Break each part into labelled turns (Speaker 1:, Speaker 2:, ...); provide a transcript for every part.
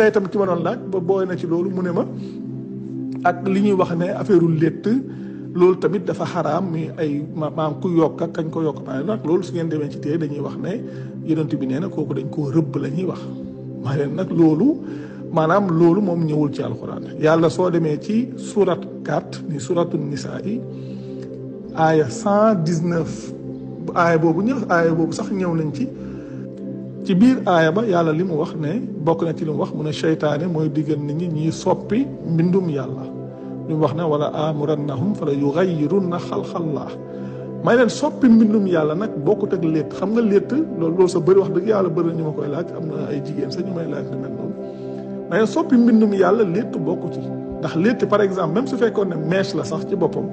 Speaker 1: tey tamit ki ma doon laaj ba booy na ci loolu mu ne ma ak li ñuy wax ne affaire létt loolu tamit dafa xaraam mi ay maam ku yokk ak kañ ko yokk maa nag loolu su ngeen demee ci téere dañuy wax ne yonent bi nee na kooku dañ koo rëbb la ñuy wax maa leen nag loolu maanaam loolu moom ñëwul ci alxuraan yàlla soo demee ci surat 4 ni suratu nisaa yi aaya 119 aaya boobu ñëw aaya boobu sax ñëw nañ ci ci biir aaya ba yàlla li mu wax ne bokk na ci li mu wax mu ne seytaane mooy diggal nit ñi ñuy soppi mbindum yàlla li mu wax ne wala amurannahum fala yugayyirunna xalqallah may leen soppi mbindum yàlla nag bokkut ak létt xam nga létt loolu loolu sa bëri wax dëgg yàlla na ñu ma koy laaj am na ay jigéen sax ñu may laaj lu mel noonu may soppi mbindum yàlla létt bokku ci ndax létt par exemple même su fekkoon ne mèche la sax ci boppam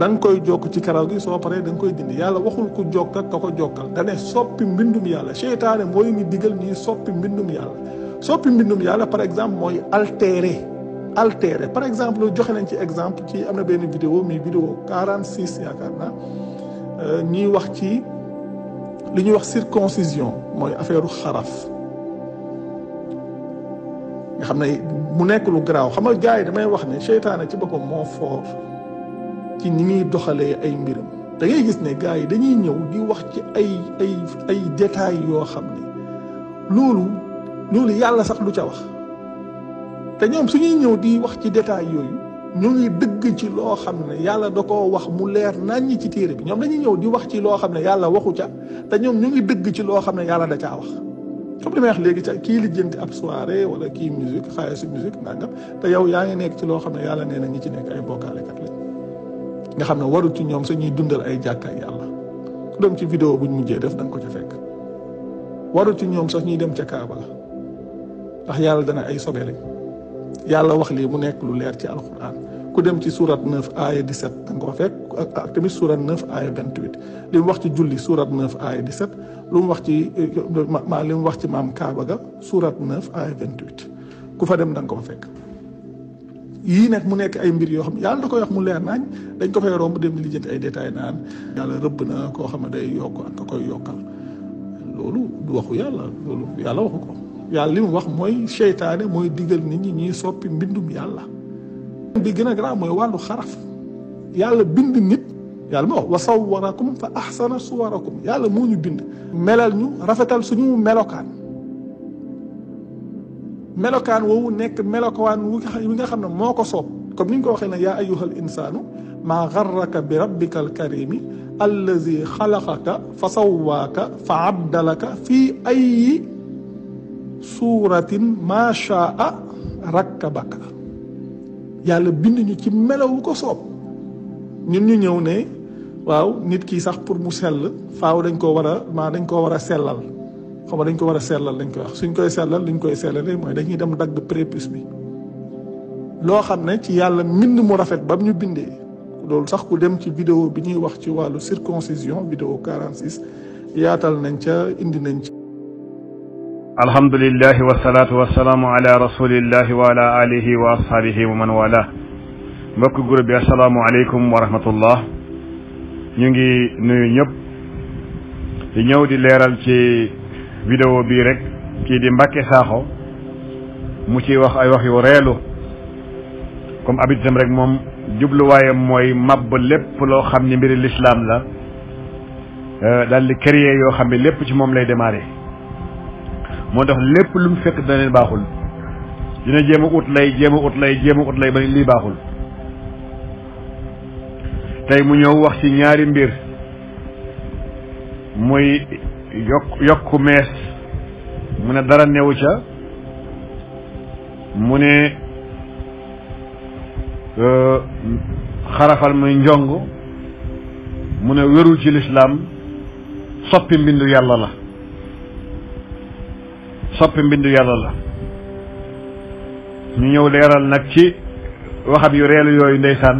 Speaker 1: da koy jokk ci karaw gi soo paree da koy dindi yàlla waxul ku jokk ak ka ko jokkal da ne soppi mbindum yàlla seytaane mooy ñu digal ñuy soppi mbindum yàlla soppi mbindum yàlla par exemple mooy altérer altérer par exemple joxe nañ ci exemple ci am na benn vidéo mi vidéo 46 yaakaar naa euh, ñuy wax ci li ñuy wax circoncision mooy affaire xaraf nga xam na mu nekk lu garaaw xam nga gars damay wax ne seytaane ci boppam moo fort. ci ni muy doxalee ay mbiram da ngay gis ne gars yi dañuy ñëw di wax ci ay ay ay détails yoo xam ne loolu loolu yàlla sax lu ca wax te ñoom suñuy ñëw di wax ci détails yooyu ñu ngi dëgg ci loo xam ne yàlla da koo wax mu leer nañ ci téere bi ñoom dañuy ñëw di wax ci loo xam ne yàlla waxu ca te ñoom ñu ngi dëgg ci loo xam ne yàlla da caa wax comme li may wax léegi ca kii lijjanti ab soirée wala kii musique xaalisu musique nangam te yow yaa ngi nekk ci loo xam ne yàlla nee na ñi ci nekk ay kat lañ nga xam ne warul ci ñoom ñuy dundal ay jàkkaay yàlla ku dem ci vidéo buñ mujjee def da ko ci fekk warul ci ñoom sax ñuy dem ca Kaaba la ndax yàlla dana ay sobe lañ yàlla wax lii mu nekk lu leer ci alquran ku dem ci suurat 9 aaya 17 da nga ko fekk ak tamit surat 9 aaya 28 li wax ci julli surat 9 aaya 17 lu mu wax ci li mu wax ci maam Kaaba ga surat 9 aaya 28 ku fa dem da ko ko fekk. yii nag mu nekk ay mbir yoo xam yàlla da koy wax mu leer nañ dañ ko fay mu dem di lijjanti ay détails naan yàlla rëbb na koo xam ne day yokk ak koy yokkal loolu du waxu yàlla loolu yàlla waxu ko yàlla li wax mooy seytaane mooy digal nit ñi ñuy soppi mbindum yàlla bi gën a garaaw mooy wàllu xaraf yàlla bind nit yàlla moo wax wa sawwarakum fa ahsana suwarakum yàlla moo ñu bind melal ñu rafetal suñu melokaan melokaan woowu nekk melokaan yi nga xam ne moo ko soob comme ni ñu ko waxee ne yaa ayyuhal insaanu ma garraka bi rabbikal karimi allazi xalaqaka fa sawwaaka fa abdalaka fi ayi suratin maa shaa rakkabaka yàlla bind ñu ci melowu ko soob ñun ñu ñëw ne waaw nit ki sax pour mu sell faaw dañ ko war a maa dañ ko war a sellal xaw dañ ko war a sellal lañ koy wax suñ koy sellal liñ koy sellalee mooy dañuy dem dagg prépuce bi loo xam ne ci yàlla mbind mu rafet ba ñu bindee loolu sax ku dem ci vidéo bi ñuy wax ci wàllu circoncision vidéo 46 yaatal nañ ca indi nañ ci.
Speaker 2: alhamdulilah wasalaatu wasalaamu ala rasulillahi wa ala alihi wa ashaabihi wa man wala mbokk groupe bi asalaamualeykum wa rahmatullah ñu ngi nuyu ñëpp di ñëw di leeral ci. vidéo bi rek ci di Mbacke saxo mu ci wax ay wax yu reelu comme habitam rek moom jubluwaayam mooy mab lépp loo xam ni mbiri lislaam la dal di créer yoo xam ne lépp ci moom lay démarrer moo tax lépp lu mu fekk dana leen baaxul dina jéem a ut lay jéem a ut lay jéem a ut lay ba lii baaxul tey mu ñëw wax ci ñaari mbir muy Yok yokku mees mu ne dara newu ca mu ne e, xarafal muy njong mu ne wérul ci lislaam soppi mbindu yàlla la soppi mbindu yàlla la ñu ñëw leeral nag ci waxam yu reelu yooyu ndeysaan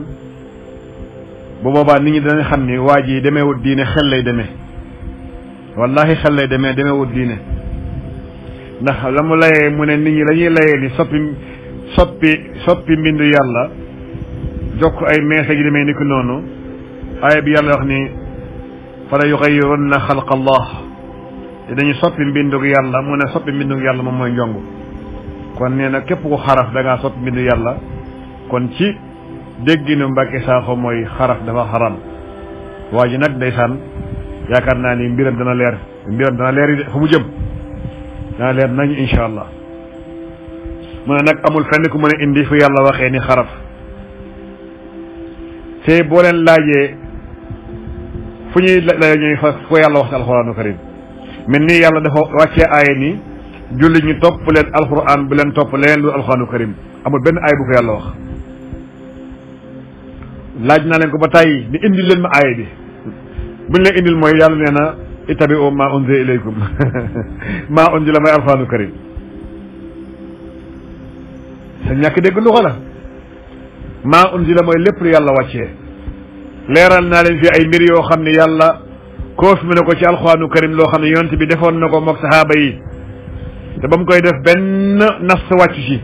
Speaker 2: bu boobaa nit ñi danañ xam ni waa ji demeewut diine xel lay demee wallahi xel lay demee demeewut diine ndax la mu layee mu ne nit ñi lañuy layee ni soppi soppi soppi mbindu yàlla jokk ay meese gi demee ni ko noonu aaya bi yàlla wax ni fala yuxayirunna xalqa allah te dañu soppi mbindug yàlla mu ne soppi mbindug yàlla moom mooy njong kon nee na képp ku xaraf da soppi mbindu yàlla kon ci dégginu Mbàkke Saaxo mooy xaraf dafa xaram waa ji nag yaakaar naa ni mbiram dana leer mbiram dana leer yi fa mu jëm dana leer nañ incha allah mu ne nag amul fenn ku mën a indi fu yàlla waxee ni xaraf te boo leen laajee fu ñuy la ñuy fa fu yàlla wax ci alxuraanu karim mel ni yàlla dafa wàccee aaya ni julli ñu topp leen alxuraan bu leen topp leneen lu alxuraanu karim amul benn aay bu ko yàlla wax laaj naa leen ko ba tàyyi ni indi leen ma aaya bi بن لا اندي موي يالا نينا اتبعوا ما انزل اليكم ما انزل ما القران الكريم سنياك ديغ لوخا لا ما انزل موي لب يالا واتيه ليرال نا في اي مير يو خامني يالا كوف منو كو سي الكريم لو خامني يونت بي ديفون نكو موك صحابه يي te bam koy def benn nas wàcc ci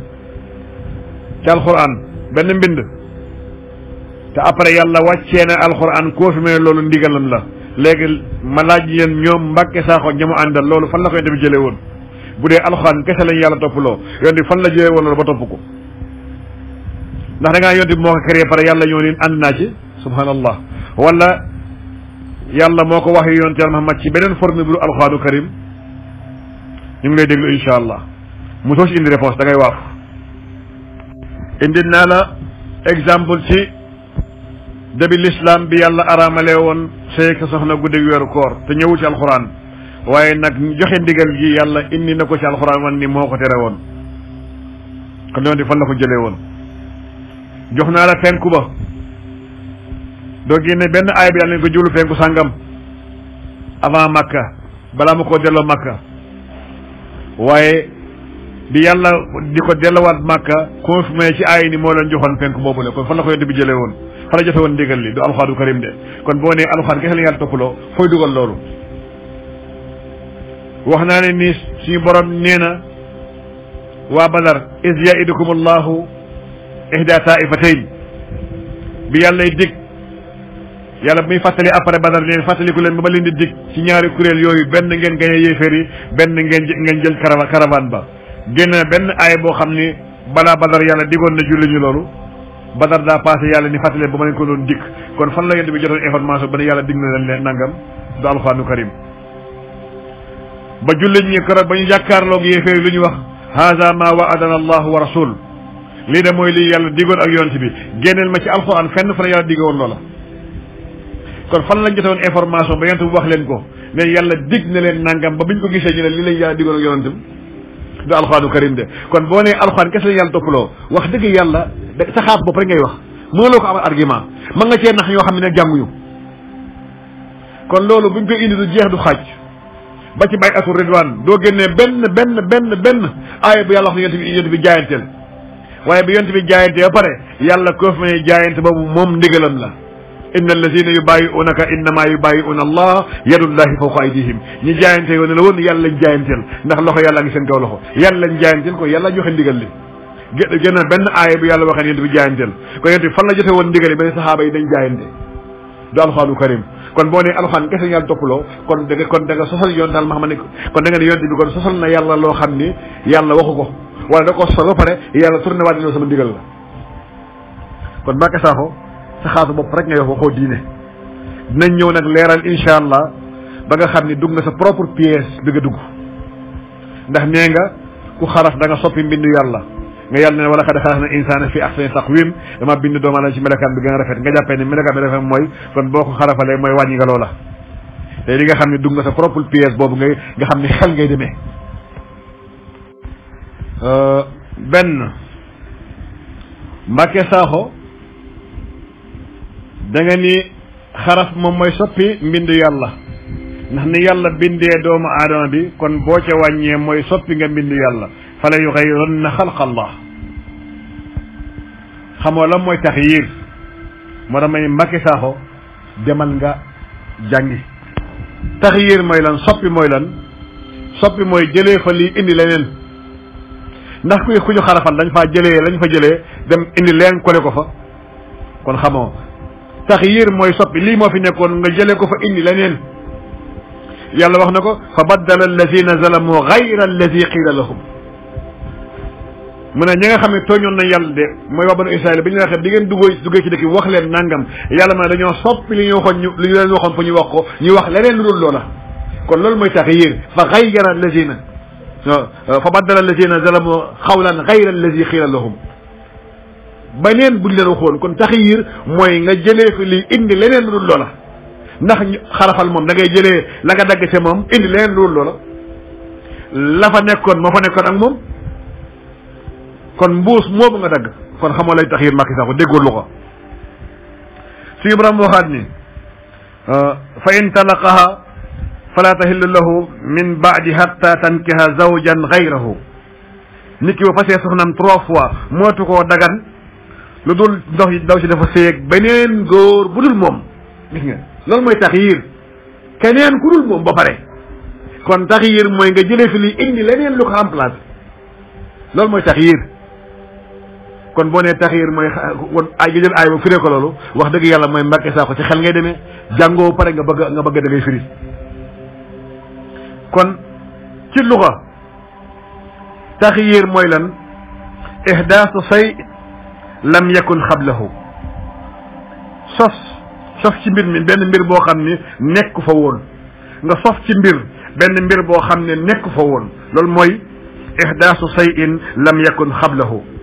Speaker 2: ci alquran benn mbind te après yàlla wàccee na alquran koofi mee loolu ndigalam léegi ma laaj leen ñoom Mbàkke Saaxo ñamu àndal loolu fan la koy dem jëlee woon bu dee alxuraan kese lañ yàlla toppaloo yoon fan la jëlee woon loolu ba topp ko ndax da ngaa yoon moo ko créé pare yàlla ñoo leen ànd naa ci subhanallah wala yàlla moo ko wax yoon yàlla Muhammad ci beneen forme bu alxuraanu karim ñu ngi lay déglu incha allah mosoo indi réponse da ngay waaf indi naa la exemple ci debi l'islam bi yalla aramale won sey ka soxna guddi wer koor te ñewu ci alquran waye nak joxe ndigal gi yalla inni nako ci alquran wan ni moko tere won kon loolu di fan la ko jëlee woon jox la fenku ba doo génne ben ay bi yalla ko jublu maka. sangam avant makka bala mako delo makka waye bi yalla diko ko makka confirmé ci ay ni mo joxon fenku bobu le kon fan la ko bi xana jofe woon ndigal li du alxaadu karim de kon boo nee alxaad kese la yàlla toppaloo fooy dugal loolu wax naa ne nii suñu borom nee na waa badar is yaidukum allahu ihda taifatayn bi yàllay dig yàlla muy fàttali après badar neen fàttaliku leen ba ma leen di dig ci ñaari kuréel yooyu benn ngeen gañ a benn ngeen ngeen jël caravane ba génn benn aay boo xam ni balaa badar yàlla digoon na julli ñu loolu badar daa passé yàlla ni fàttali leen ba ma leen ko doon dikk kon fan la yonent bi jotoon information ba ne yàlla digg na leen leen nangam du alxuraanu karim ba julli ñi keroog ba ñu jàkkaarloog yéeféer lu ñu wax haza ma waadana allahu wa rasul lii de mooy lii yàlla diggoon ak yonent bi génneel ma ci alxuraan fenn fa la yàlla diggoon loola kon fan lañ jotoon information ba yonent bu wax leen ko ne yàlla digg na leen nangam ba biñ ko gisee ñu lii lañ yàlla diggoon ak yonent bi du alxuraanu karim kon boo nee alxuraan kese la yàlla toppaloo wax dëgg sa xaas bopp rek ngay wax mënuloo ko amal argument man nga cee nax ñoo xam ne nag jànguñu kon loolu buñ koy indi du jeex du xaj ba ci bay atul ridwaan doo génnee benn benn benn benn aaya bu yàlla wax ne yonte bi yonte bi jaayanteel waaye bi yonte bi jaayante ba pare yàlla koo fi may jaayante boobu moom ndigalam la inna allazina yubayi'unaka innama yubayi'una allah yadullahi fawqa aydihim ñi jaayante yoon ne la woon yàlla lañ jaayanteel ndax loxo yàlla ngi seen kaw loxo yàlla lañ jaayanteel ko yàlla joxe ndigal li genn benn aaya bu yàlla waxee yent bi jaayanteel kon yent bi fan la jote woon ndigali ba ne saxaaba yi dañ jaayante du alxaanu karim kon boo ne alxaan kese yàlla toppaloo kon da nga kon da nga sosal yoon daal ma ne kon da nga ne yonte bi kon sosal na yàlla loo xam ni yàlla waxu ko wala da ko sosal ba pare yàlla tourné waat dina sama ndigal la kon Mbacke sa xaasu bopp rek ngay wax waxoo diine dinañ ñëw nag leeral allah ba nga xam ni dugg sa propre pièce bi nga dugg ndax nee nga ku xaraf da nga soppi mbindu yàlla nga yàlla ne wala xad xalaqna insana fi ahsani taqwim dama bind do aadama ci melokaan bi nga rafet nga jappé ni melokaan bi rafet moy kon boko ko moy wañi nga lola té li nga xamni dug nga sa propre pièce bobu ngay nga xamni ne xel ngay euh ben mbàkke saxo da nga ni xaraf mom moy soppi mbind yalla ndax ni yalla bindé doomu bi kon bo ci wañé moy soppi nga mbind yalla fala yuxayiranna xalqa allah xamoo lan mooy tax yiir moo tax ma ne Mbacké Sakho demal nga jàngi tax yiir mooy lan soppi mooy lan soppi mooy jëlee fa lii indi leneen ndax kuy ku ñu xarafal dañ faa jëlee lañ fa jëlee dem indi leen kole ko fa kon xamoo tax yiir mooy soppi lii moo fi nekkoon nga jëlee ko fa indi leneen yàlla wax na ko fa baddala allazina zalamu gayra allazi qiila lahum mune ñi nga xam ne tooñoon nañ yàlla de mooy waa israël bi ñu waxee bi ngeen duggoo duggee ci dëkk bi wax leen nangam yàlla ma dañoo soppi li ñu waxoon ñu li leen waxoon fu ñu wax ko ñu wax leneen lu dul loola kon loolu mooy tax yéen fa xayyara allazina fa baddala allazina zalamu xawlan xayra allazi xiila lahum beneen buñ leen waxoon kon taxyir mooy nga jëlee fi li indi leneen lu dul loola ndax xarafal moom da ngay jëlee la nga dagg ca moom indi leneen lu dul loola la fa nekkoon moo fa nekkoon ak moom kon mbuus moomu nga dagg kon xamoo lay tax yéen Macky Sall ko déggoo lu ko suñu borom waxaat ni euh, fa in talaqaha fala tahillu lahu min baadi hatta tankiha zawjan gayrahu nit ki ba fasee soxnaam trois fois mootu koo dagan lu dul ndox yi daw si dafa seeg beneen góor bu dul moom gis nga loolu mooy tax yiir keneen ku dul moom ba pare kon tax yiir mooy nga jëlee fi li indi leneen lu ko remplacé loolu mooy tax yiir kon boo nee taxiir mooy kon ay nga jël ay ba firee ko loolu wax dëgg yàlla mooy Mbàkke Sakho ci xel ngay demee jàngoo pare nga bëgg nga bëgg da ngay firi kon ci luxa taxiir mooy lan ihdaasu say lam yakun xablahu sos sos ci mbir mi benn mbir boo xam ni nekk fa woon nga sos ci mbir benn mbir boo xam ne nekk fa woon loolu mooy ihdaasu say in lam yakun xablahu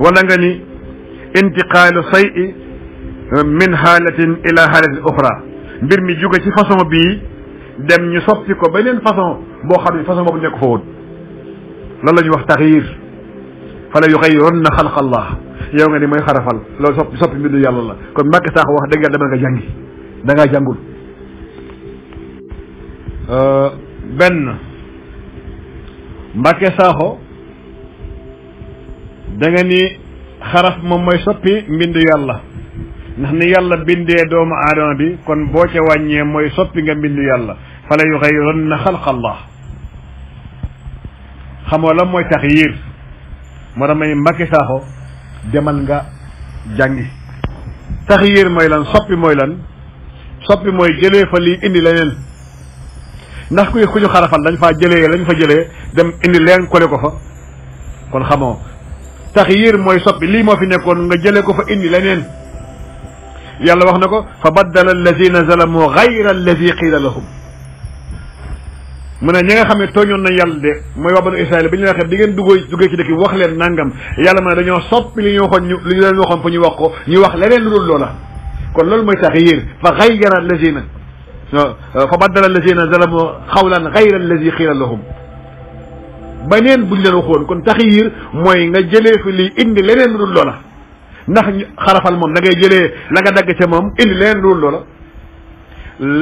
Speaker 2: ولا غني انتقال شيء من حالة إلى حالة أخرى بير مي جوغي سي بي ديم ني سوفتي كو بنين فاصون بو خامي فاصون لا لا نيوخ تغيير فلا يغيرن خلق الله يوم غني ماي خرفال لو سوف سوف ميد يالا لا كون ماك تاخ واخ دغا دمال غا جانغي دغا أه، بن ماك ساخو da nga ni xaraf moom mooy soppi mbindu yàlla ndax ni yàlla bindee doomu aadama bi kon boo ca wàññee mooy soppi nga mbindu yàlla fala yuxayiranna xalqallah xamoo la mooy taxyir moo tax ma ni Mbacké Sakho demal nga jàngi taxyir mooy lan soppi mooy lan soppi mooy jëlee fa lii indi leneen ndax ku kuy ku ñu xarafal dañ faa jëlee lañ fa jëlee dem indi leen kole ko fa kon xamoo taxyir mooy soppi lii moo fi nekkoon nga jëlee ko fa indi leneen yàlla wax na ko fa baddala allazina zalamu gayra allazi qiila lahum mu ne ñi nga xam ne tooñoon na yalla de mooy waa banu israil bi ñu waxee bi ngeen duggee duggee ci dëkk bi wax leen nangam yàlla mu ne dañoo soppi li ñu waxoon ñu li ñu leen waxoon fa ñu wax ko ñu wax leneen lu dul loola kon loolu mooy taxyir fa gayra allazina fa baddala allazina zalamu qawlan gayra allazi qiila lahum beneen buñ leen waxoon kon taxiyir mooy nga jëlee fi lii indi leneen lu dul loola ndax xarafal moom da ngay jëlee la nga dagg ca moom indi leneen lu dul loola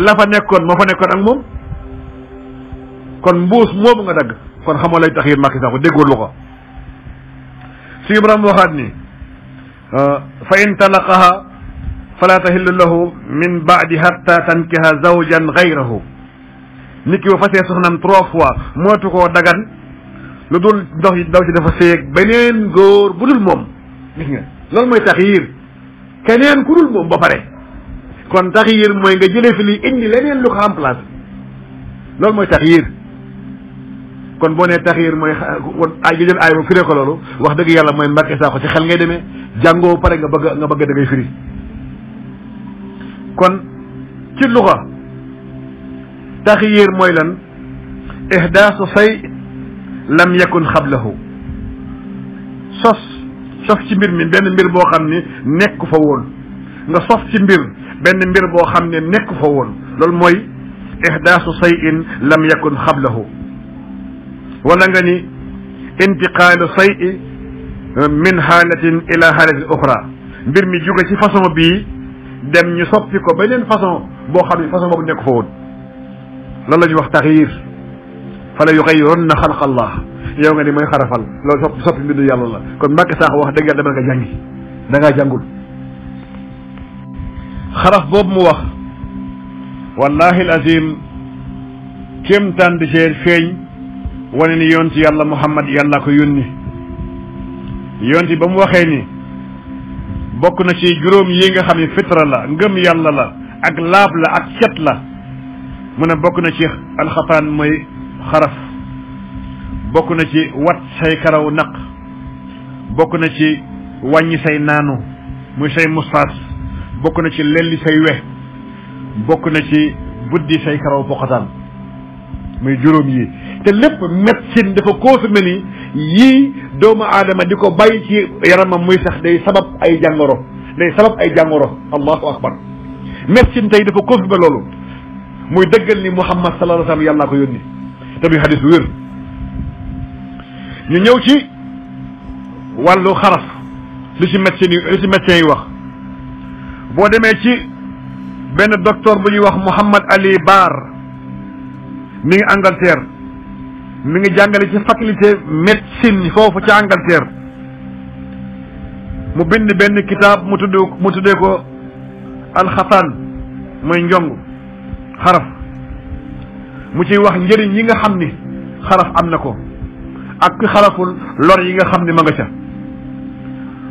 Speaker 2: la fa nekkoon moo fa nekkoon nga dagg kon xamoo lay taxiyir Macky Sall lu ko suñu borom waxaat ni fa in talaqaha fala tahillu lahu min baadi hatta tankiha zawjan gayrahu niki ki bu fasee soxnam trois fois mootu koo dagan lu dul ndox yi ndaw si dafa seeg beneen góor bu dul moom gis nga loolu mooy taxyir keneen ku dul moom ba pare kon taxyir mooy nga jëlee fi lii indi leneen lu ko remplace loolu mooy taxyir kon boo nee taxyir mooy ay jël ay ba firee ko loolu wax dëgg yàlla mooy Mbàkke Saako si xel ngay demee jàngoo pare nga bëgg nga bëgg da ngay kon ci luxa taxyir mooy lan ihdaasu say لم يكن قبله sos sos ci mbir mi benn mbir boo xam ne nekk fa nga sof ci mbir benn mbir boo xam ne nekk fa woon loolu mooy ihdaasu sayin lam yakun xablahu wala nga ni intiqaalu sayi min xaalatin ila xaalatin oxra mbir mi jóge ci façon bii dem ñu soppi ko beneen façon boo xam ne façon boobu nekk fa woon loolu la ñuy wax taxyir فلا يغيرن خلق الله يوم غني ما يخرفال لو سوب سوب مبيد يالا لا كون ماك ساخ واخ دغال دمال جانغي داغا جانغول خرف بوب مو واخ والله العظيم كيم تاند جير فين وني يونت يالا محمد يالا كو يوني يونت بام واخي ني بوك نا سي جوروم ييغا خامي فطره لا نغم يالا لا اك لاب لا اك سيت لا من بوك نا شيخ الخطان موي خرف بوكو نتي وات ساي كراو نق بوكو نتي واني ساي نانو مو ساي مصاص بوكو نتي للي ساي وي بوكو نتي بودي ساي كراو بوخاتان مي جوروم يي تي ليب ميدسين دافا كوس ملي يي دوما ادم ديكو باي تي يرام موي ساخ داي سبب اي جانغورو داي سبب اي جانغورو الله اكبر ميدسين تاي دافا كوس بلولو موي دغال ني محمد صلى الله عليه وسلم يالا كو يوني te muy xadis bu ñu ñëw ci wàllu xaraf li ci médecin yi li ci médecin yi wax boo demee ci benn docteur bu ñuy wax Mouhamad Ali Baar mi ngi Angleterre mi ngi jàngale ci faculté yi foofu ca Angleterre mu bind benn kitaab mu tudd mu tuddee ko alxataan mooy njong xaraf mu ciy wax njëriñ yi nga xam ni xaraf am na ko ak ki xaraful lor yi nga xam ni ma nga ca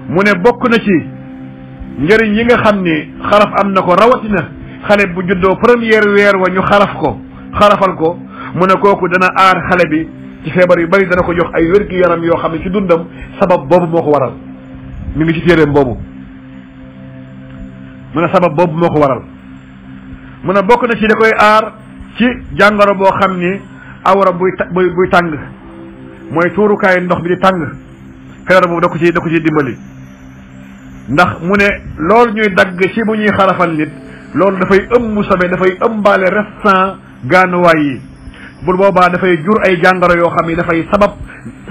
Speaker 2: mu ne bokk na ci njëriñ yi nga xam ni xaraf am na ko rawatina xale bu juddoo premier weer wa ñu xaraf ko xarafal ko mu ne kooku dana aar xale bi ci feebar yu bari dana ko jox ay wér gi yaram yoo xam ne ci dundam sabab boobu moo ko waral mi ngi ci téeréem boobu mu ne sabab boobu moo ko waral mu ne bokk na ci da koy aar ci jàngaro boo xam ni awra buy buy buy tàng mooy tuurukaayu ndox bi di tàng feebar boobu da ko ci da ko ciy dimbali ndax mu ne loolu ñuy dagg ci bu ñuy xarafal nit loolu dafay ëmb sobe dafay ëmbaale restant gaanuwaay yi bu boobaa dafay jur ay jàngaro yoo xam ni dafay sabab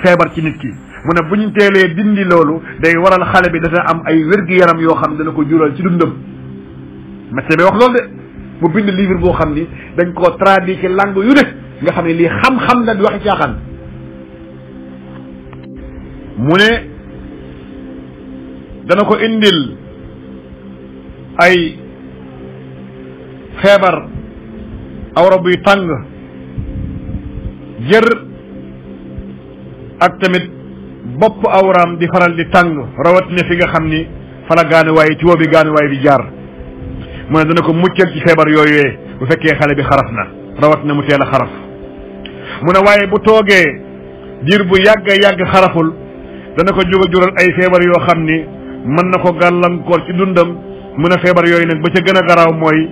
Speaker 2: feebar ci nit ki mu ne bu ñu teelee dindi loolu day waral xale bi dafay am ay wér-gi-yaram yoo xam ne dana ko jural ci dundam médecin bi wax loolu de mu bind livre boo xam ni dañ koo traduit ci langue yu nga xam ne lii xam-xam la di waxi caaxaan mu ne dana ko indil ay feebar awra buy tàng jër ak tamit bopp awraam di faral di tàng rawat ne fi nga xam ni fala gaanuwaay ci woo bi gaanuwaay bi jaar mu ne dana ko muccal ci feebar yooyee bu fekkee xale bi xaraf na rawat na mu teel a xaraf mu ne waaye bu toogee diir bu yàgg yàgg xaraful dana ko jóg a jural ay feebar yoo xam ni mën na ko gàllankoor ci dundam mu ne feebar yooyu nag ba ca gën a garaaw mooy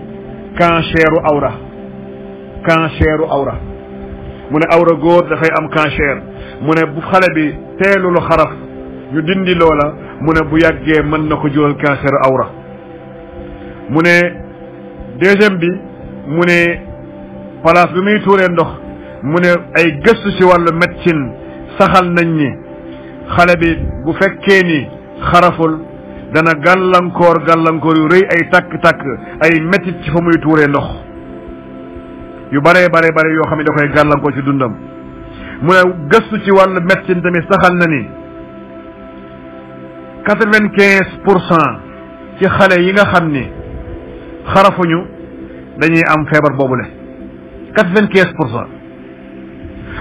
Speaker 2: canceru awra canceru awra mu ne awra góor dafay am cancer mu ne bu xale bi teelulu xaraf ñu dindi loola mu ne bu yàggee mën na ko jural canceru awra mune deuxième bi mune place bi muy touré ndox mune ay gëstu ci walu médecine saxal nañ ni xale bi bu fekkee ni xaraful dana gàllankoor gàllankoor yu rëy ay takk-takk ay métit ci fa muy touré ndox yu bare bare bare yoo xam ne da koy gàllankoor ci dundam mu ne gëstu ci wàllu médecine tamit saxal na ni 95 pour cent ci xale yi nga xam ni xarafuñu dañuy am feebar boobu le quatre vingt quinze pour cent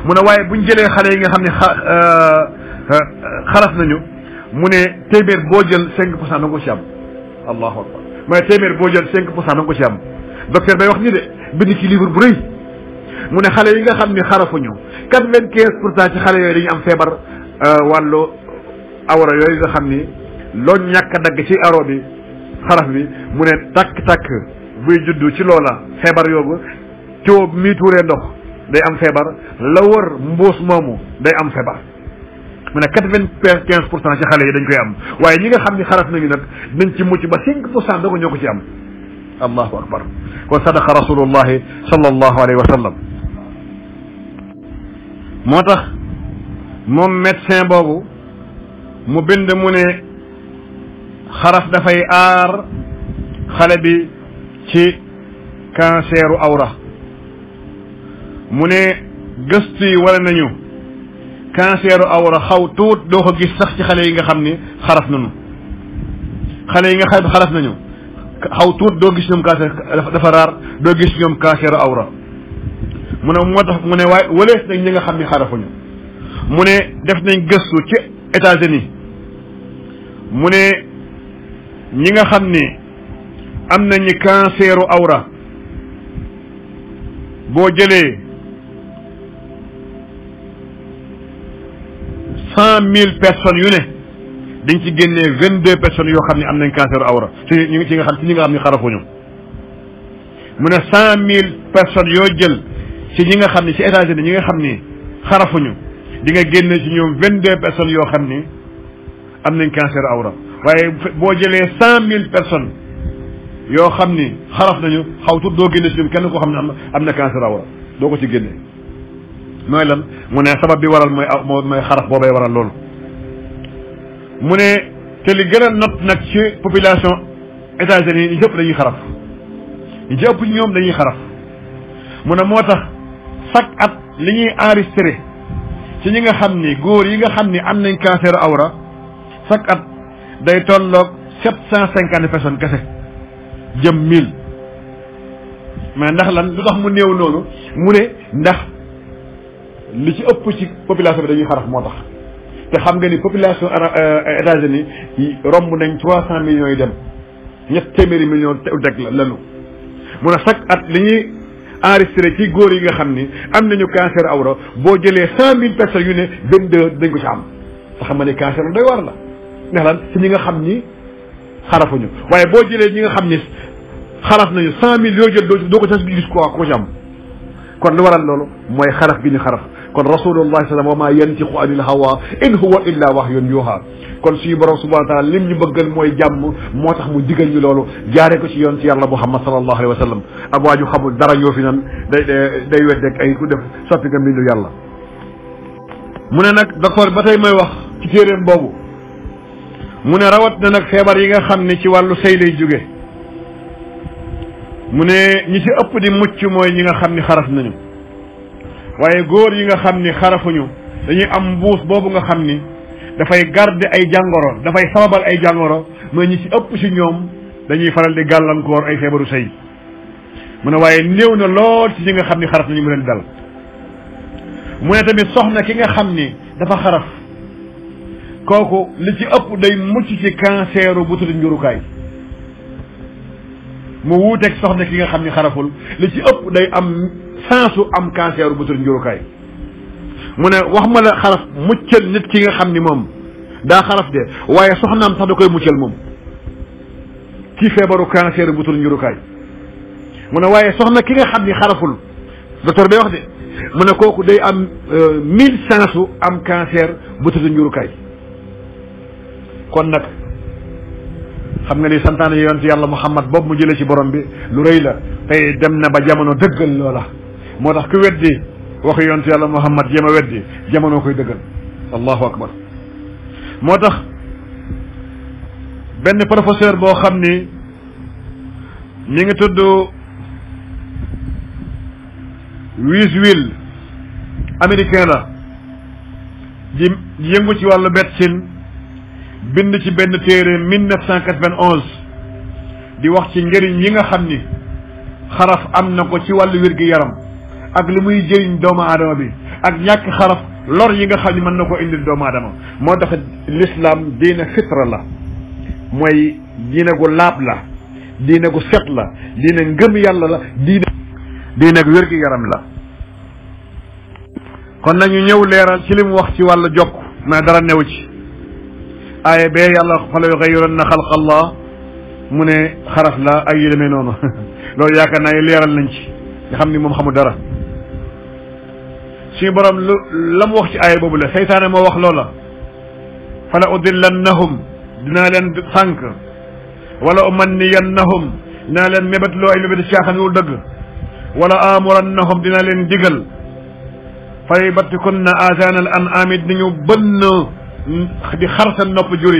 Speaker 2: mu ne waaye buñ jëlee xale yi nga xam ne xaraf nañu mu ne téeméer boo jël cinq pour cent da nga ko ci am allahu akbar mu ne téeméer boo jël cinq pour cent da nga ko ci am docteur bay wax ni de bind ci livre bu rëy mu ne xale yi nga xam ne xarafuñu quatre vingt quinze pour cent ci xale yooyu dañuy am feebar wàllu awra yooyu nga xam ni loo ñàkk dagg ci aro bi xaraf bi mu ne takk-takk buy juddu ci loola feebar yoogu tiwo mii tuuree ndox day am feebar la wër mbuus moomu day am feebar mu ne quatre-vingt-quinze pour cent ci xale yi dañ koy am waaye ñi nga xam ni xaraf nañu nag dañ ci mucc ba cinq pour cent da ñoo ko ci am allahu akbar kon sadaqa rasulullahi sallallahu alayhi wa sallam moo tax moom médecin boobu mu bind mu ne xaraf dafay aar xale bi ci canceru awra mu ne gëstu yi wala nañu canceru awra xaw tuut doo ko gis sax ci xale yi nga xam ni xaraf nañu xale yi nga xam xaraf nañu xaw tuut doo gis ñoom cancer dafa raar doo gis ñoom canceru awra mu ne moo tax mu ne waaye walees nañ ñi nga xam ni xarafuñu mu ne def nañ gëstu ci États-Unis mu ne ñinga xamne xam ne am nañu canceru awra bo jele 100000 personnes yu ne dañ ci génné 22 personnes yo xam ne am nañ canceru awra ci ñi ci nga xam ci ñi nga xam xarafu ñu mu ne 100000 personnes yo jël ci ñi nga xam ne ci étage ñi nga xam ni ñu di nga génne ci ñoom 22 personnes yo xam ni am nañ cancer awra waaye boo jëlee cent mille personnes yoo xam ni xaraf nañu xaw tut doo génne si ñoom kenn koo xam ne am am na cancer awra doo ko ci génne mooy lan mu ne sabab bi waral mooy aw mooy xaraf boobay waral loolu mu ne te li gën a not nag ci population États-Unis ñëpp dañuy xaraf ñëpp ñoom dañuy xaraf mu ne moo tax chaque at li ñuy enregistré ci ñi nga xam ni góor yi nga xam ni am nañ cancer awra chaque at day tollok 750 personnes kasse jëm 1000 mais ndax lan lu tax mu néew noonu mu ne ndax li ci ëpp ci population bi dañuy xarax moo tax te xam nga ni population États-Unis romb nañ 300 millions yi dem ñett téeméeri millions teg la lanu mu ne chaque at li ñuy enregistré ci góor yi nga xam ni am nañu cancer awra boo jëlee cent mille personnes yu ne 22 dañ ko ci am te xam nga ne cancer doy war la ndax lan si ñi nga xam ni xarafuñu waaye boo jëlee ñi nga xam ni xaraf nañu cent mille yoo jël doo ko tas bi gis ko ko ci am kon lu waral loolu mooy xaraf gi ñu xaraf kon rasulullah sallam wa ma yantiqu anil hawa in huwa illa wahyun yuha kon suñu borom subhanahu wa taala lim ñu bëggal mooy jàmm moo tax mu digal ñu loolu jaare ko ci yoon ci yàlla muhammad salallahu alayhi wa sallam ab waaju xamul dara ñoo fi nan day day weddeeg ay ku def soppi nga mbindu yàlla mu ne nag d'accord ba tey may wax ci téeréem boobu mu ne rawat na nag feebar yi nga xam ne ci wàllu sëy lay jóge mu ne ñi ci ëpp di mucc mooy ñi nga xam ni xaraf nañu waaye góor yi nga xam ni xarafuñu dañuy am mbuus boobu nga xam ni dafay garde ay jàngoro dafay sababal ay jàngoro mooy ñi ci ëpp ci ñoom dañuy faral di gàllankoor ay feebaru sëy mu ne waaye néew na lool ci ñi nga xam ni xaraf nañu mu leen dal mu ne tamit soxna ki nga xam ni dafa xaraf kooku li ci ëpp day mucc ci canceru bututu njurukaay mu wuuteeg soxna ki nga xam ni xaraful li ci ëpp day am sensu am canceru bututu njurukaay mu ne wax ma la xaraf muccal nit ki nga xam ni moom daa xaraf de waaye soxnaam sax da koy muccal moom ci feebaru canceru bututu njurukaay mu ne waaye soxna ki nga xam ni xaraful docteur bay wax de mu ne kooku day am mille sensu am cancer bututu njurukaay kon nag xam nga ni santaane yonent yàlla muhammad boobu mu jëlee ci borom bi lu rëy la tey dem na ba jamono dëggal loola moo tax ku weddi waxu yonent yàlla muhammad jéem a weddi jamono koy dëggal allahu akbar moo tax benn professeur boo xam ni mi ngi tudd Wiswil américain la di yëngu ci wàllu médecine bind ci benn téere 1991 di wax ci njëriñ yi nga xam ni xaraf am na ko ci wàllu wér-gi-yaram ak lu muy jëriñ doomu aadama bi ak ñàkk xaraf lor yi nga xam ni mën na ko indil doomu aadama moo tax lislaam diine fitra la mooy diine gu laab la diine gu set la diine ngëm yàlla la diine diine gu wér-gi-yaram la kon nañu ñëw leeral ci li mu wax ci wàllu jokk mais dara new ci aaye be yàlla fa la yughayyiranna xalqa allah mune ne xaraf la ay yu demee lo loolu yaakaar leral nañ ci nga xamni mom xamu dara ci borom lam wax ci aaya bobu la seytaane mo wax lola fala udillannahum dina len sank wala umanniyannahum na len mébét lo ay mébét caaxaan yu deug wala amurannahum dina len digal fay batikunna faybattikunna azaanal an'aam dinañu bënn di xar sa nopp jur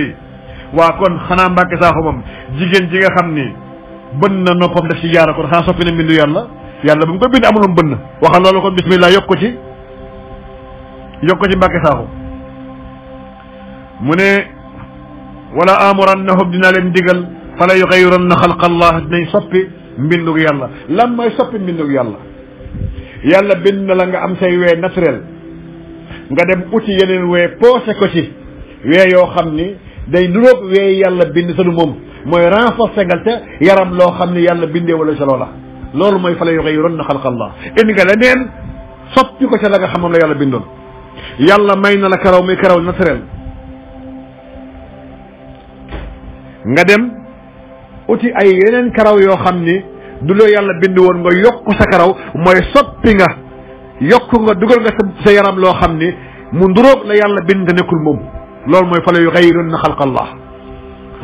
Speaker 2: waa kon xanaa mbàkke saaxo moom jigéen ji nga xam ni bën na noppam def ci jaara kon xanaa soppi na mbindu yàlla yàlla bu mu ko bind amulum bënn waxal loolu kon bismillah yokk ci yokk ko ci mbàkke saaxo mu ne wala amurannahum dinaa leen digal fala yuxayiranna xalqa allah dinañ soppi mbindug yàlla lan mooy soppi mbindug yàlla yàlla bind na la nga am say wee naturel nga dem uti yeneen wee poosé ko ci wee yoo xam ni day nuróog wee yàlla bind sa du moom mooy renforcé ngal te yaram loo xam ni yàlla bindee wala sa loola loolu mooy fa la yuxayironn xalqallah indi nga leneen soppi ko ca la nga xam moom la yàlla bindoon yàlla may na la karaw muy karaw naturel nga dem uti ay yeneen karaw yoo xam ni du la yàlla bind woon nga yokk sa karaw mooy soppi nga yokk nga dugal nga sa yaram loo xam ne mu nduróog la yàlla bind nekkul moom loolu mooy fa la yu xayrun na xalq allah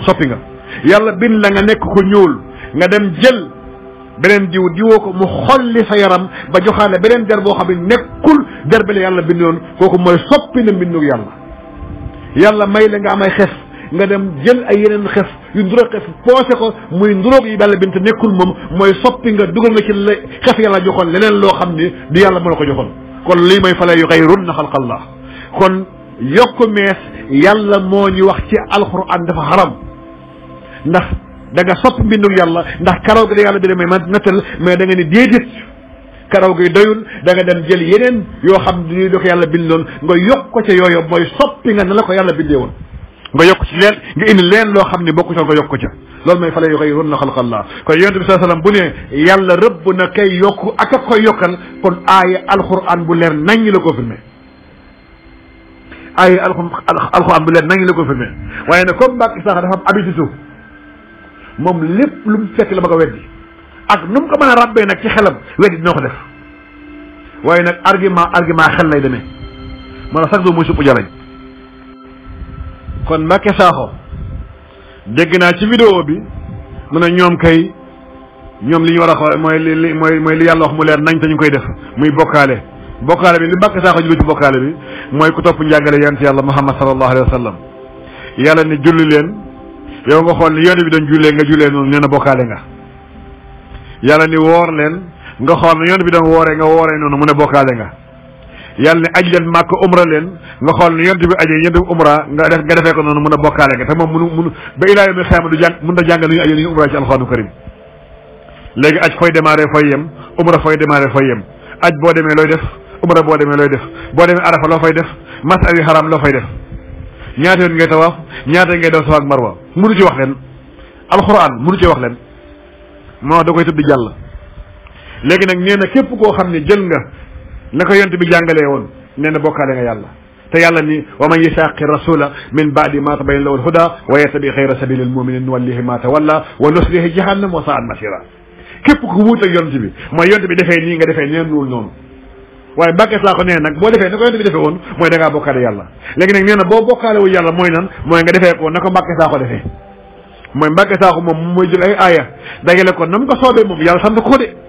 Speaker 2: soppi nga yàlla bind la nga nekk ko ñuul nga dem jël beneen diw diwoo ko mu xolli sa yaram ba joxaale beneen der boo xam ne nekkul der bi la yàlla bindoon kooku mooy soppi na mbindug yàlla yàlla may la nga am ay xef nga dem jël ay yeneen xef yu nduro xef poosé ko muy nduroog yi bàlla bint nekkul moom mooy soppi nga dugal na ci la xef yàlla joxoon leneen loo xam ni du yàlla moo la ko joxoon kon lii may fala yu xayrun na xalqallah kon yokk mees yàlla moo ñu wax ci alquran dafa haram ndax da nga sopp mbindug yàlla ndax karaw gi da yàlla bi damay ma natal mais da nga ni déedéet karaw gi doyul da nga dem jël yeneen yoo xam ni da ko yàlla bindoon nga yokk ko ca yooyu mooy soppi nga na la ko yàlla bindee woon nga yokk ci leen nga indi leen loo xam ne bokku ca nga yokk ca loolu mooy fale yugayyirunna xalqallah kon yonente bi saa sallam bu ne yàlla rëbb na kay yokk ak ak koy yokkal kon aaya alquran bu leer nañ la ko firme aaya alquran bu leer nañ la ko firme waaye nag comme Mbacke Sakho dafa am habitude moom lépp lu mu fekk la bëgg a weddi ak nu mu ko mën a ràbbee nag ci xelam weddi dina ko def waaye nag argument argument xel lay demee man a sax do muy suppu jarañ kon Mbacke Sakho dégg naa ci vidéo bi mu ne ñoom kay ñoom li ñu war a xool mooy li li mooy mooy li yàlla wax mu leen nañ te ñu koy def muy bokkaale bokkaale bi li Mbacke Sakho jublu ci bokkaale bi mooy ku topp njàngale yonent yàlla Muhammad sallallahu alayhi wa sallam yàlla ni julli leen yow nga xool ni yonent bi doon jullee nga jullee noonu nee na bokkaale nga yàlla ni woor leen nga xool ne yonent bi doon wooree nga wooree noonu mu ne bokkaale nga. yàlla ne aj leen màkk umra leen nga xool ne yonent bi ajee yonent bi umra nga def nga defee ko noonu mën a bokkaale nga te moom mënu mënu ba ilaa yomi xeama du jàng mën na jàng lu ñu ajee umra ci alxuraanu karim léegi aj fooy démarré fooy yem umra fooy démarré fooy yem aj boo demee looy def umra boo demee looy def boo demee arafa loo fay def masal yi xaram loo fay def ñaata yoon ngay tawaaf ñaata ngay daw safa ak marwa mënu ci wax leen alxuraan mënu ci wax leen moo da koy tudd jàll léegi nag nee na képp koo xam ne jël nga naka yonent bi jàngalee woon nee na bokkaale nga yàlla te yàlla ni wa man yusaqi rasula min baadi ma tabayyana lahu alhuda wa yattabi xayra sabili almuminin nuwallihi ma tawalla wa nuslihi jahannam wa saat masira képp ku wuut ak yonent bi mooy yonent bi defee nii nga defee neen nuul noonu waaye bàkkees laa ko nee nag boo defee na ko yonent bi defee woon mooy da ngaa bokkaale yàlla léegi nag nee na boo bokkaale wu yàlla mooy nan mooy nga defee ko na ko bàkkees laa ko defee mooy mbàkke saako moom mooy jël ay aaya dagale ko na mu ko soobee moom yàlla sant ko de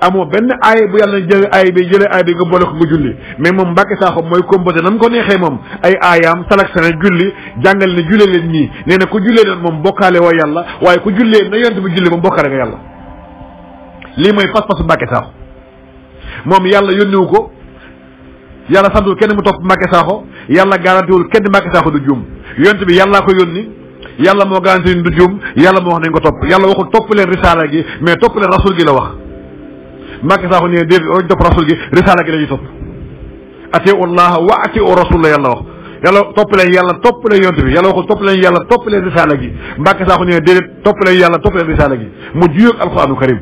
Speaker 2: amo ben ay bu yàlla jël ay bi jël ay bi nga boole ko nga julli mais moom Mbàkke Saaxo moy composé na ko nexé mom ay ayam salak sana julli jàngal ni julé len ni néna na ku jullee leen moom bokkaale woo yàlla waaye ku julé na yent bi julli mom bokalé nga yàlla lii mooy pass pasu Mbàkke Saaxo mom yàlla yónniwu wuko yàlla santul kenn mu topp Mbàkke Saaxo yàlla garanti wul kenn Mbàkke Saaxo du jum yent bi yalla ko yónni yàlla moo garanti du juum yàlla moo wax nañ ko topp yàlla waxul topp leen risaala gi mais topp leen rasul gi la wax Macky Sakho ne déedéet oo topp rasul gi risaala gi la ñuy topp atiu allah wa atiu rasul la yàlla wax yàlla topp leen yàlla topp leen yonte bi yàlla waxul topp leen yàlla topp leen risaala gi Macky Sakho ne déedéet topp leen yàlla topp leen risaala gi mu juyoog alquranu karim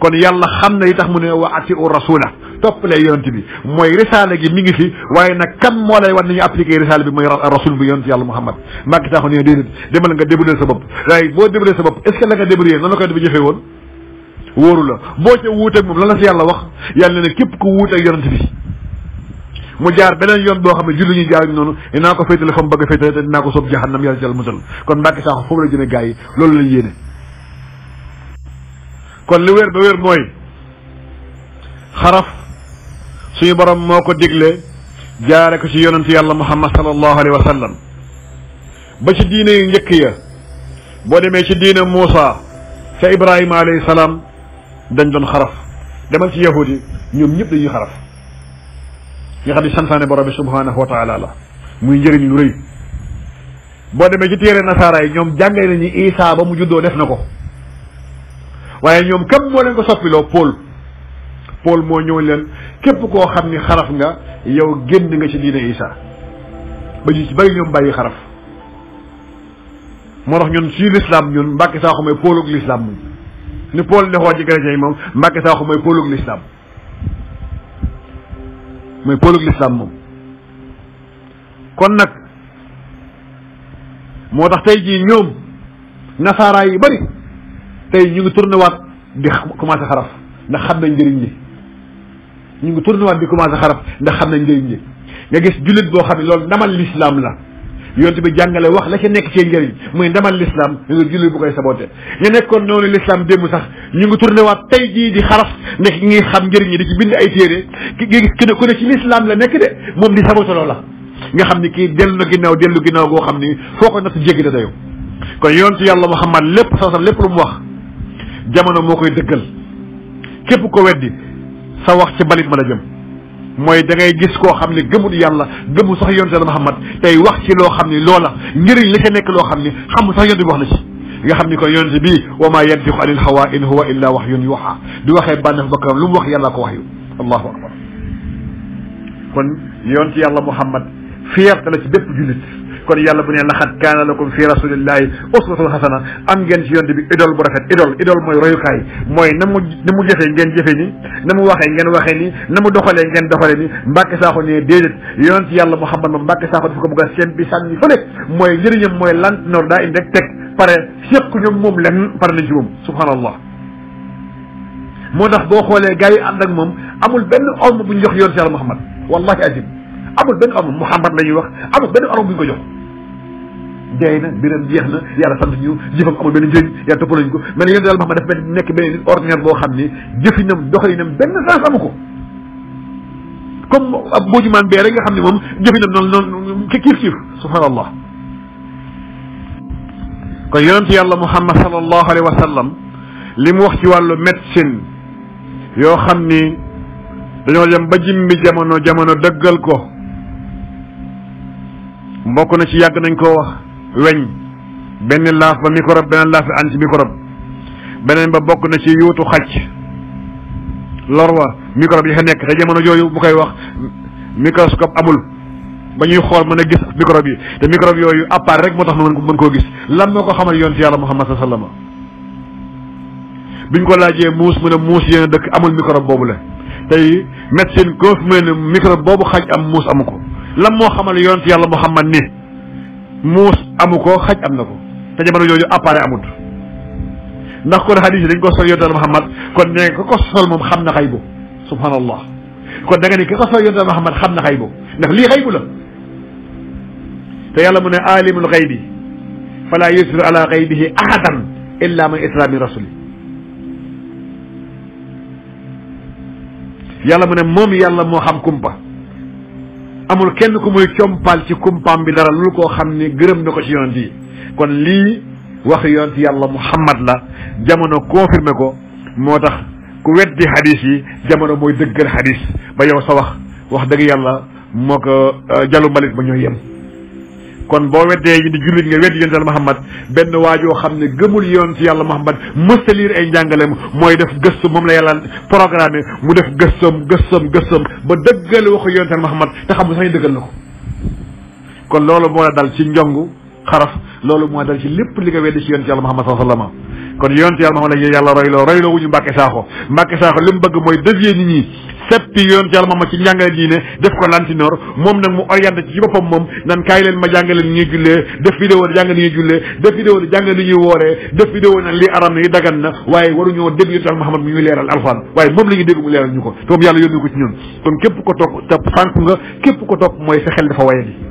Speaker 2: kon yàlla xam na yi tax mu ne wa atiu rasula topp leen yonte bi mooy risaala gi mi ngi fi waaye nag kan moo lay wan nañu appliqué risaala bi mooy rasul bi yonte yàlla Muhammad Macky Sakho ne déedéet demal nga débrouiller sa bopp waaye boo débrouiller sa bopp est ce que la nga débrouiller nan la koy jëfee woon wóoru la boo ca wuuteeg moom lan la si yàlla wax yàlla ne képp ku wuuteeg yonent bi mu jaar beneen yoon boo xam ne julli ñu jaaruñ noonu dinaa ko féetale fa mu bëgg a féetale te dinaa ko soob jahannam yàlla jël musal kon Mbàkke Saaxo foofu la jëme gars loolu lañ yéene kon li wér ba wér mooy xaraf suñu borom moo ko digle jaare ko ci yonent yàlla muhammad sallallahu alayhi wa sallam ba ci diine yu njëkk ya boo demee ci diine Muusa ca Ibrahima alayhi salaam dañ doon xaraf demal ci yahud yi ñoom ñëpp dañuy xaraf nga xam ne santaane borom bi subhanahu wa taala la muy njëriñ lu rëy boo demee ci téere nasaara yi ñoom jàngay nañu isa ba mu juddoo def na ko waaye ñoom kam moo leen ko soppiloo Paul Paul moo ñëw leen képp koo xam ni xaraf nga yow génn nga ci diine isa ba ñu ci bari ñoom bàyyi xaraf moo tax ñun ci l'islam ñun mbàkki saa xumee Paul ak l'islam ñun ni Paul di xooji chrétien yi moom Mbacke Sakho mooy Paulug l'islam mooy Paulug l'islam moom kon nag moo tax tey jii ñoom nasaaraa yi bëri tey ñu ngi tourné waat di commencé xaraf ndax xam nañ njëriñ li ñu ngi tourné waat di commencé xaraf ndax xam nañ njëriñ li nga gis jullit boo xam ne loolu ndamal l'islam la yonte bi jàngale wax la ci nekk ci njëriñ muy ndamal l'islam nga julli bu koy saboté ñu nekkoon noonu l'islam démb sax ñu ngi tourné waat tey jii di xaraf nekk ngi xam njëriñ ñi di ci bind ay téere ki ki ne ku ne ci l'islam la nekk de moom di saboté loola nga xam ni kii dellu na ginnaaw dellu ginnaaw goo xam ni foo ko natt jéggi da dayo kon yonte yàlla muhammad lépp sa lépp lu mu wax jamono moo koy dëggal képp ko weddi sa wax ci balit ma la jëm moy da ngay gis ko xamni gëmul yàlla gëmul sax yonte la Muhammad tay wax ci lo xamni lola loola njëriñ la nek lo xamni xam sax yonte bi wax na ci nga xamni ko kon bi wama ma yantiqu anil hawa in huwa illa wahyun yuha di waxe bànneex bakkanam lu wax yàlla ko waxyu allahu akbar kon yonte yàlla Muhammad fiyat la ci bépp julit kon yàlla bu ne laxat kaana lakum fi rasulillahi uswatun hasana am ngeen ci yonte bi idole bu rafet idole idole mooy royukaay mooy na mu na mu jëfee ngeen jëfee ni na mu waxee ngeen waxee nii na mu doxalee ngeen doxalee ni mbàkke saaxo ne déedéet yonent yàlla Muhammad ma mbàkke saaxo dafa ko bëgg a seen bi sànni fële mooy njëriñam mooy lant noor daa indi rek teg pare séq ñoom moom len pare nañ ci moom subhanallah moo tax boo xoolee gars yi ànd ak moom amul benn homme bu ñu jox yoon si yàlla Muhammad wallahi azim amul ben amul muhammad lañuy wax amul ben arom buñ ko jox deyna biram jeexna yàlla sant ñu jëfam amul ben jëñ ya topu lañ ko mel ni yéen daal Muhammad dafa mel nekk benn ordinaire bo xamni jëfinam doxalinam ben sans amuko comme ab bojuman be rek nga xamni mom jëfinam non non ci kif kif subhanallah kon yonent yàlla muhammad sallallahu alaihi wasallam lim wax ci walu medicine yo xamni dañu dem ba jimmi jamono jamono dëggal ko bokk na ci yàgg nañ ko wax weñ benn laaf ba microbe beneen laaf bi ànd ci microbe beneen ba bokk na ci yuutu xaj lor wa microbe yi fa nekk te jamono yooyu bu koy wax microscope amul ba ñuy xool mën a gis microbe yi te microbe yooyu appareil rek moo tax nu mën koo gis lan moo ko xamal yoon ci yàlla Muhammad sa sallama biñ ko laajee muus mu ne muus yéen dëkk amul microbe boobu la tey médecine confirmé ne microbe boobu xaj am muus amu ko lan moo xamal yonent yàlla Muhammad ni muus amu ko xaj am na ko te jamono jooju appareil amut ndax kon hadis yi dañ ko sol yonent yàlla Muhammad kon ne ko ko sol moom xam na xay bu subhanallah kon da nga ni ki ko sol yonent yàlla Muhammad xam na xay bu ndax lii xay bu la te yàlla mu ne alimul xaybi fala yusru ala xaybihi ahadan illa man isra min rasuli yàlla mu ne moom yàlla moo xam kumpa amul kenn ku muy compal ci kumpaam bi dara lu koo xam ni gërëm na ko ci yonent kon lii wax yonent yàlla muhammad la jamono confirmé ko moo tax ku weddi hadis yi jamono mooy dëggal hadis ba yow sa wax wax dëgg yàlla moo ko euh, jalu mbalit ba ñooy yem kon boo weddee di jullit nga weddi yonent yàlla Muhammad benn waajoo xam ne gëmul yoon si yàlla Muhammad mësta liir ay njàngaleem mooy def gëstu moom la yàlla programmé mu def gëstam gëstam gëstam ba dëggal waxu yonent yàlla Muhammad te xam nga sax ñu dëggal na ko kon loolu moo la dal ci njongu xaraf loolu moo dal ci lépp li nga weddi ci yonent yàlla Muhammad sallallahu alayhi kon yonte yàlla Muhammad la yàlla royloo royloo wuñu Mbàkke Saaxo Mbàkke Saaxo li mu bëgg mooy dévier nit ñi seppi yonte ci njàngale diine def ko lantinoor moom nag mu orienté ci boppam moom nan kaay leen ma jàngale ni ñuy jullee def vidéo di jàngale ni ñuy jullee def vidéo di jàngale ni ñuy wooree def vidéo nag li aram na yi dagan na waaye waruñoo dégg yonte yàlla Muhammad mu ñuy leeral alfaan waaye moom la ñuy dégg mu leeral ñu ko te moom yàlla yónni ko ci ñun kon képp ko topp topp sànq nga képp ko mooy sa xel dafa waye di